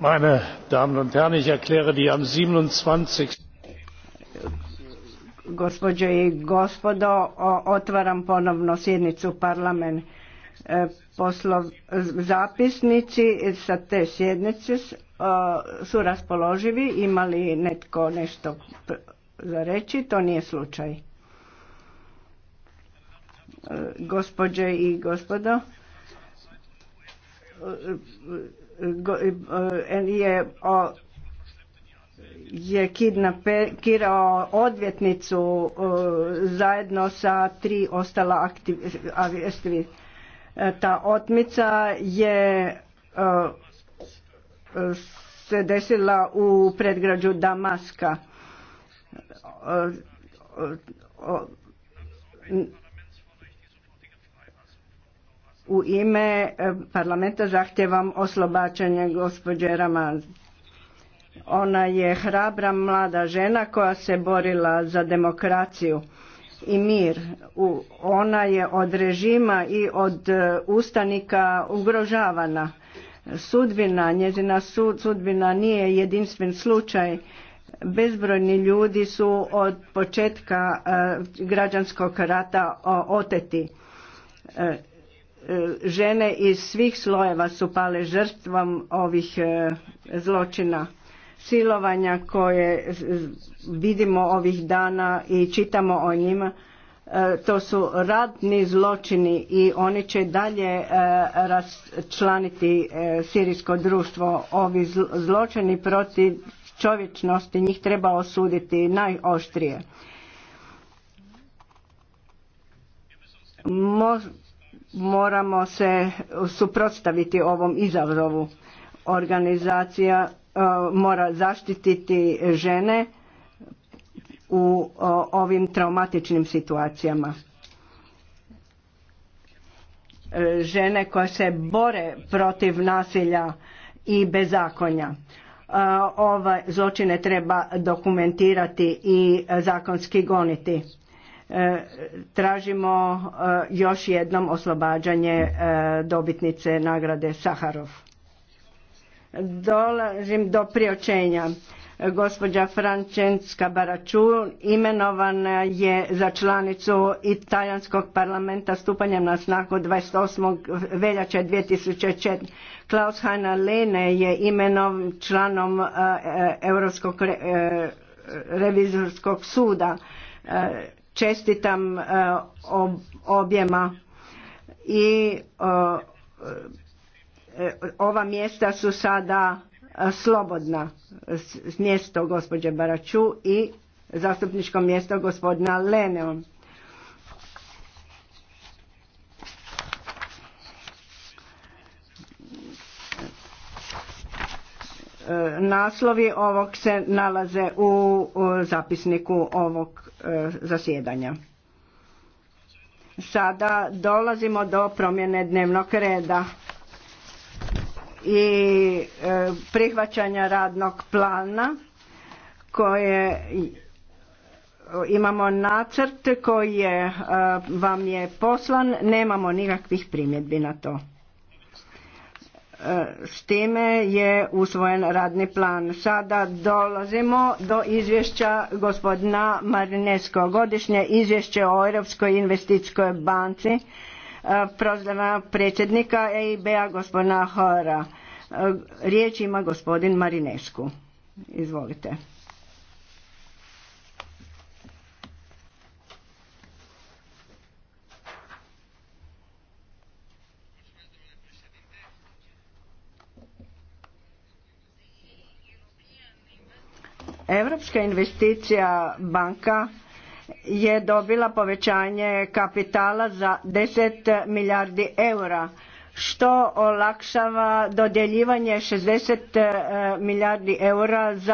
Meine Damen Gospođe i gospodo, otvaram ponovno sjednicu parlament. E, poslov, zapisnici sa te sjednice su raspoloživi, imali netko nešto za reći, to nije slučaj. E, gospođe i gospodo, je je kidnapirao odvjetnicu e, zajedno sa tri ostala aktivisti. E, ta otmica je e, se desila u predgrađu Damaska u ime e, parlamenta zahtjevam oslobađanje gospođe Raman. Ona je hrabra mlada žena koja se borila za demokraciju i mir. Ona je od režima i od e, ustanika ugrožavana. Sudbina, njezina sud, sudbina nije jedinstven slučaj. Bezbrojni ljudi su od početka e, građanskog rata oteti E, žene iz svih slojeva su pale žrtvom ovih e, zločina silovanja koje vidimo ovih dana i čitamo o njima e, to su radni zločini i oni će dalje članiti sirijsko društvo ovi zločini protiv čovječnosti njih treba osuditi najoštrije moramo se suprotstaviti ovom izazovu. Organizacija e, mora zaštititi žene u ovim traumatičnim situacijama. E, žene koje se bore protiv nasilja i bezakonja. E, ove zločine treba dokumentirati i zakonski goniti E, tražimo e, još jednom oslobađanje e, dobitnice nagrade Saharov. Dolazim do priočenja. Gospođa Francenska Baračul imenovana je za članicu Italijanskog parlamenta stupanjem na snagu 28. veljače 2004. Klaus Hanna Lene je imenovan članom Europskog revizorskog suda. Čestitam e, objema i e, e, ova mjesta su sada slobodna mjesto gospođe Baraču i zastupničko mjesto gospodina Leneon. E, naslovi ovog se nalaze u zapisniku ovog e, zasjedanja. Sada dolazimo do promjene dnevnog reda i e, prihvaćanja radnog plana koje imamo nacrt koji je, vam je poslan, nemamo nikakvih primjedbi na to. S time je usvojen radni plan. Sada dolazimo do izvješća gospodina Marinesko. Godišnje izvješće o Europskoj investicijskoj banci e, prozdana predsjednika EIB-a gospodina Hora. E, riječ ima gospodin Marinesku. Izvolite. Europska investicija banka je dobila povećanje kapitala za 10 milijardi eura što olakšava dodjeljivanje 60 eh, milijardi eura za